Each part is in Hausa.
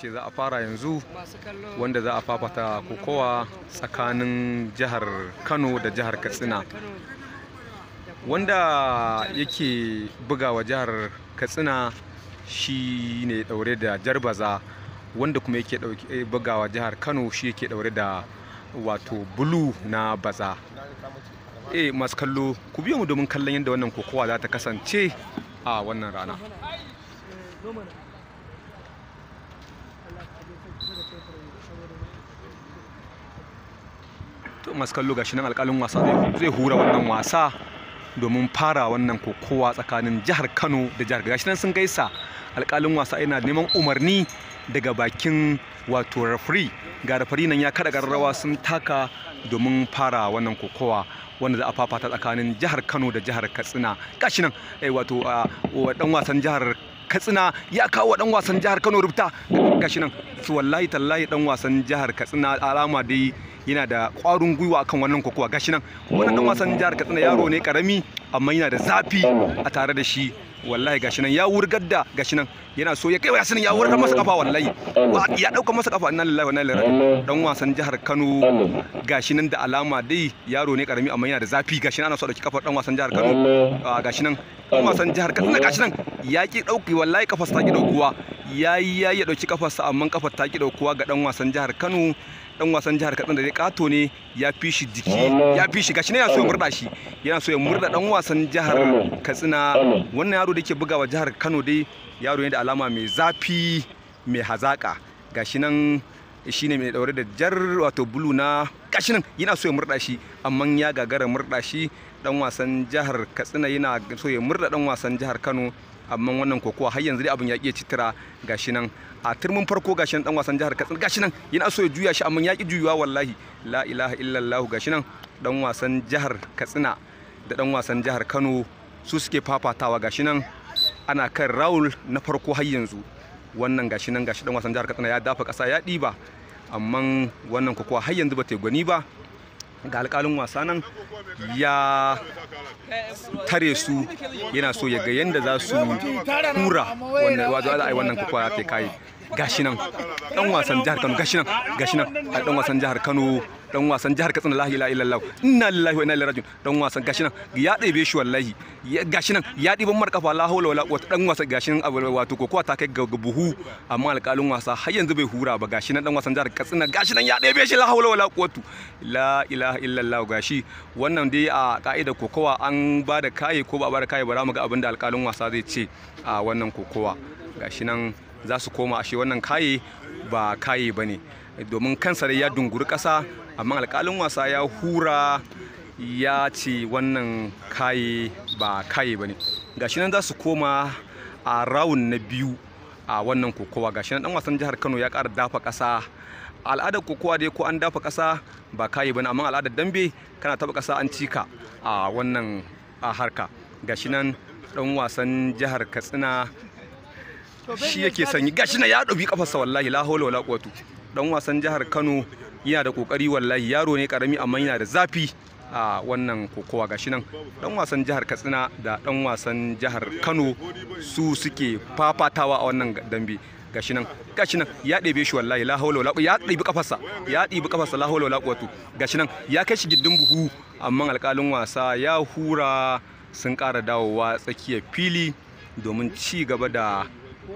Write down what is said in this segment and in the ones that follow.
ce za a fara yanzu wanda za a fafata kokowa tsakanin jihar kano da jihar katsina wanda yake bugawa jihar katsina shi ne daure da jarbaza wanda kuma yake eh, bugawa jihar kano shi yake daure da wato bulu na baza e masu kallo ku biyo mu domin kallon yadda wannan kokowa za ta kasance a wannan rana masu kallo gashi nan alƙalin wasa zai hura wannan wasa domin fara wannan kokowa tsakanin jihar Kano da jihar gashi nan sun gaisa alƙalin wasa yana neman umarni daga bakin wato referee ga referee nan ya kada garrawa sun taka domin fara wannan kokowa wanda za a fafata tsakanin jihar Kano da jihar Katsina gashi nan eh, wato dan ah, wasan jihar Katsina ya kawo dan wasan jihar Kano rubuta gashi nan su wallahi tallahi dan wasan jihar Katsina alama dai yana da ƙwarin gwiwa akan wannan kokowa gashi nan wannan dan wasan jihar Katsina yaro ne karami amma yana da zafi a tare da shi wallahi gashi nan ya wurgar da gashi nan yana so ya kai wasan ya wurgar masa kafa wallahi ya dauka masa kafa inna lillahi wa inna ilaihi raji'un dan wasan jihar Kano gashi nan da alama dai yaro ne karami amma yana da zafi gashi nan ana so dauki kafar dan wasan jihar Kano gashi nan dan wasan jihar Katsina gashi nan ya ki dauki wallahi kafar sa ki daukuwa yayi yi ya dauki kafarsa amma kafar ta ki daukuwa ga dan wasan jihar Kano dan wasan jihar Katsina da Kato ne ya fi shi jiki ya fi shi gashi ne ya so ya murda shi yana so ya murda dan wasan jihar Katsina wannan yaro da yake bugawa jihar Kano dai yaro ne da alama mai zafi mai hazaka gashi nan shi ne mai daure da jar wato bulu na gashi nan yana so ya murda shi amma ya gagara murda shi dan wasan jihar Katsina yana so ya murda dan wasan jihar Kano amma wannan kokowa har yanzu dai abin ya iya citira gashi nan a turmin farko gashi nan dan wasan jihar Katsina gashi nan yana so ya juya shi amma ya ki juyuwa wallahi la ilaha illallah gashi nan dan wasan jihar Katsina da dan wasan jihar Kano su suke fafatawa gashi nan ana kan Raul na farko har yanzu wannan gashi nan gashi dan wasan jihar Katsina ya dafa kasa ya diba amma wannan kokowa har yanzu ba ta gwani ba ga alƙalin wasa nan ya tare su yana so ya ga yadda za su hura wannan wazo za a yi wannan ya fi kai gashi nan dan wasan jihar Kano gashi nan gashi nan dan wasan jihar Kano dan wasan jihar Katsina la ilaha illallah inna lillahi wa inna ilaihi raji'un dan wasan gashi nan ya ɗebe shi wallahi gashi nan ya ɗiban mar kafa la hawla wala quwwata dan wasan gashi nan wato kokowa ta kai ga buhu amma alƙalin wasa har yanzu bai hura ba gashi nan dan wasan jihar Katsina gashi nan ya ɗebe shi la hawla wala quwwata la ilaha illallah gashi wannan dai a ka'idar kokowa an ba da kaye ko ba ba da kaye ba za mu ga abin da alƙalin wasa zai ce a wannan kokowa gashi nan za su koma ashe wannan kaye ba kaye ba ne domin kansar ya dunguri kasa amma alkalin wasa ya hura ya ce wannan kayi ba kayi ba ne gashi nan za su koma a rawun na biyu a wannan kokowa gashi nan dan wasan jihar kano ya kara dafa ƙasa al'adar kokowa dai ko an dafa kasa ba kayi ba ne amma al'adar dambe kana taba kasa an cika a wannan harka gashi nan dan wasan jihar katsina shi yake sanyi gashi nan ya dobi kafarsa wallahi la hawla wala quwwata dan wasan jihar Kano yana da kokari wallahi yaro ne karami amma yana da zafi a wannan kokowa gashi nan dan wasan jihar Katsina da dan wasan jihar Kano su suke fafatawa a wannan dambe gashi nan gashi nan ya ɗebe shi wallahi la hawla wala ya ɗebi kafarsa ya ɗebi kafarsa la hawla wala quwwatu gashi nan ya kai shi gindin buhu amma alƙalin wasa ya hura sun ƙara dawowa tsakiyar fili domin ci gaba da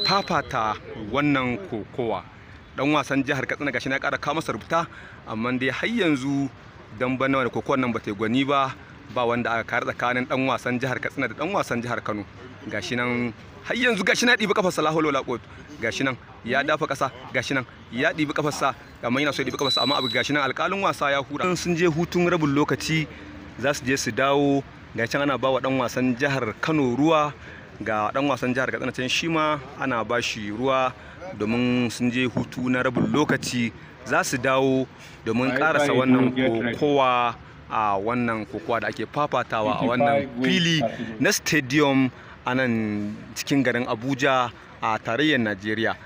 fafata wannan kokowa dan wasan jihar katsina gashi na ƙara kawo masa rubuta amma dai har yanzu dan bana da kokon nan bata gwani ba ba wanda aka kare tsakanin dan wasan jihar katsina da dan wasan jihar kano gashi nan har yanzu gashi na dibi kafar salahu lola kot gashi nan ya dafa ƙasa gashi nan ya kafar sa amma yana so ya kafar sa amma abu gashi nan alƙalin wasa ya hura sun je hutun rabin lokaci za su je su dawo ga can ana ba wa dan wasan jihar kano ruwa ga dan wasan jihar katsina can shi ma ana ba shi ruwa domin sun je hutu na rabin lokaci za su dawo domin karasa wannan kokowa a wannan kokowa da ake fafatawa a wannan fili na stadium a nan cikin garin abuja a tarayyar najeriya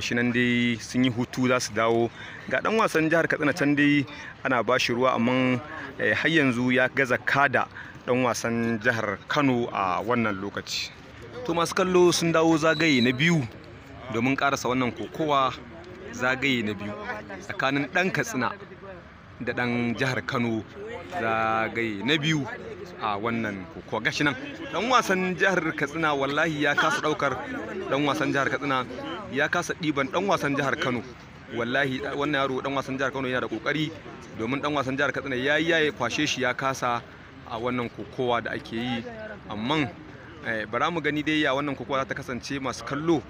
shi nan dai sun yi hutu za su dawo ga dan wasan jihar katsina can dai ana ba shi ruwa amma eh, har yanzu ya gaza kada dan wasan jihar kano a wannan lokaci to masu kallo sun dawo zagaye na biyu domin karasa wannan kokowa zagaye na biyu tsakanin dan katsina da dan jihar kano zagaye na biyu a wannan kokowa gashi nan dan wasan jihar katsina wallahi ya kasa ɗaukar dan wasan jihar katsina ya kasa ɗiban dan wasan jihar kano wallahi wannan yaro dan wasan jihar kano yana da ƙoƙari domin dan wasan jihar katsina ya yi yaye kwashe shi ya kasa a wannan kokowa da ake yi amma eh, bara mu gani dai ya wannan kokowa za ta kasance masu kallo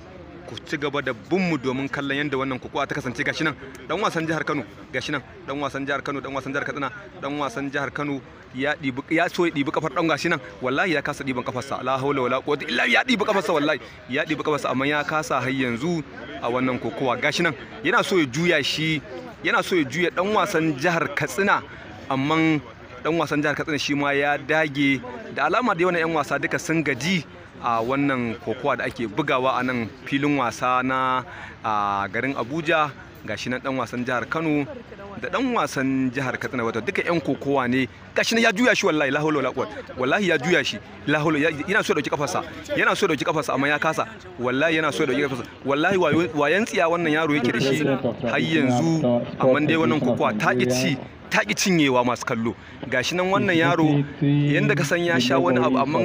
ku ci gaba da bin domin kallon yadda wannan kokowa ta kasance gashi nan dan wasan jihar Kano gashi nan dan wasan jihar Kano dan wasan jihar Katsina dan wasan jihar Kano ya dibi ya so ya dibi kafar dan gashi nan wallahi ya kasa diban kafarsa la haula wala quwwata illa ya dibi kafarsa wallahi ya dibi kafarsa amma ya kasa har yanzu a wannan kokowa gashi nan yana so ya juya shi yana so ya juya dan wasan jihar Katsina amma dan wasan jihar Katsina shi ma ya dage da alama da yawan yan wasa duka sun gaji a wannan kokowa da ake bugawa a nan filin wasa na garin abuja gashi na dan wasan jihar kano da dan wasan jihar katsina wato duka yan kokowa ne gashi na ya juya shi wallahi la wala wallahi ya juya shi lahulo yana so dauki kafarsa yana so dauki kafarsa amma ya kasa wallahi yana so dauki kafarsa wallahi wayan tsiya wannan yaro yake da shi har yanzu amma dai wannan kokowa ta ki ci ta cinyewa masu kallo gashi nan wannan yaro yadda ka san ya sha wani abu amma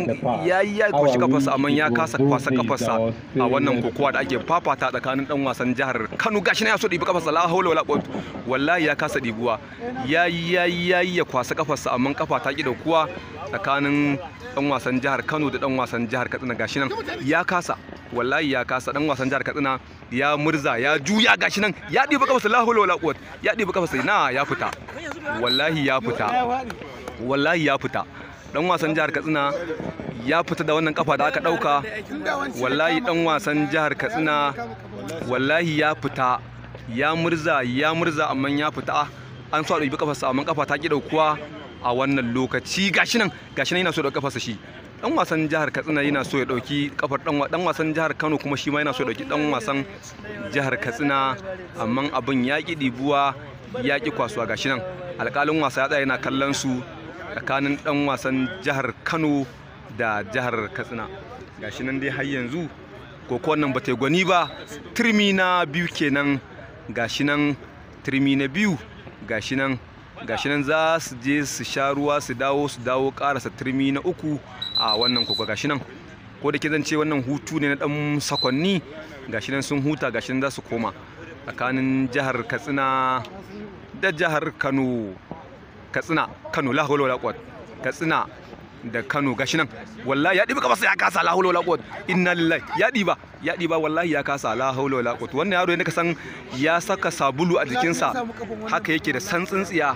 ya yi ya kwashi kafarsa amma ya kasa kwasa kafarsa a wannan kokowa da ake fafata tsakanin dan wasan jihar Kano gashi nan ya so ɗibi kafarsa la haula wala quwwata wallahi ya kasa ɗibuwa ya yi ya yi ya kwasa kafarsa amma kafa ta ki kuwa tsakanin dan wasan jihar Kano da dan wasan jihar Katsina gashi nan ya kasa wallahi ya kasa dan wasan jihar Katsina ya murza ya juya gashi nan ya dibi kafa sallahu wala quwat ya dibi kafa sai na ya fita wallahi ya fita wallahi ya fita dan wasan jihar Katsina ya fita da wannan kafa da aka dauka wallahi dan wasan jihar Katsina wallahi ya fita ya murza ya murza amma ya fita an so a kafa kafarsa amma kafa ta ki kuwa. a wannan lokaci gashi nan gashi nan yana so da kafarsa shi dan wasan jihar Katsina yana so ya dauki kafar dan dan wasan jihar Kano kuma shi ma yana so ya dauki dan wasan jihar Katsina amma abin ya ki dibuwa ya ki kwasuwa gashi nan alƙalin wasa ya tsaya yana kallon su tsakanin dan wasan jihar Kano da jihar Katsina gashi nan dai har yanzu koko ba ta gwani ba turmi na biyu kenan gashi nan turmi na biyu gashi nan gashi nan za su je su sha ruwa su dawo su dawo karasa turmi na uku a wannan kuka gashi nan ko da ke zan ce wannan hutu ne na dan sakonni gashi nan sun huta gashi nan za su koma tsakanin jihar katsina da jihar kano katsina kano katsina da Kano gashi nan wallahi ya dibi kafarsa ya kasa la hawla wala quwwata inna lillahi ya diba ya diba wallahi ya kasa la hawla wala quwwata wannan yaro ne ka san ya saka sabulu a jikinsa haka yake da santsin tsiya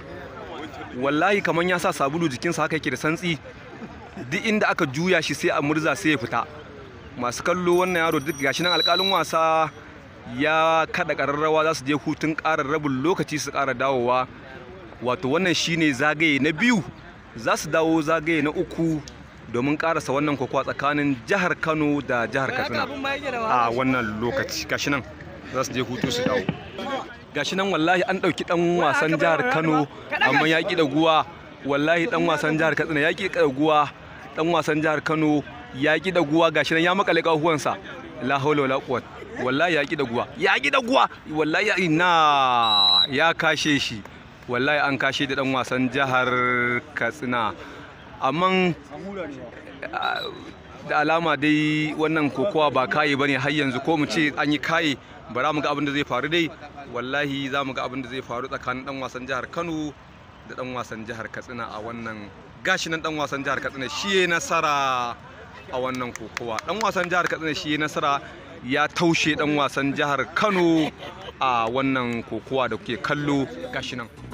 wallahi kaman ya sa sabulu jikinsa haka yake da santsi duk inda aka juya shi sai a murza sai ya fita masu kallo wannan yaro duk gashi nan alƙalin wasa ya kada ƙararrawa za su je hutun ƙarar rabin lokaci su ƙara dawowa wato wannan shine zagaye na biyu za su dawo zagaye na uku domin karasa wannan kokowa tsakanin jihar kano da jihar katsina a wannan lokaci gashi nan za su je hutu su dawo gashi nan wallahi an ɗauki ɗan wasan jihar kano amma ya ƙi guwa. wallahi ɗan wasan jihar katsina ya ƙi guwa, ɗan wasan jihar kano ya ƙi guwa. gashi nan ya makale ƙahuwansa la haula wala quwwata wallahi ya ƙi guwa. ya ƙi guwa? wallahi ina ya kashe shi wallahi an kashe da dan wasan jihar katsina amma ah, da alama dai wannan kokowa ba kayi bane har yanzu ko mu ce an yi kayi bara mu ga abin da zai faru dai wallahi za mu ga abin da zai faru tsakanin dan wasan jihar kano da dan wasan jihar katsina a wannan gashi nan dan wasan jihar katsina shi ya nasara a wannan kokowa dan wasan jihar katsina shi ya nasara ya taushe dan wasan jihar kano a wannan kokowa da kuke kallo gashi nan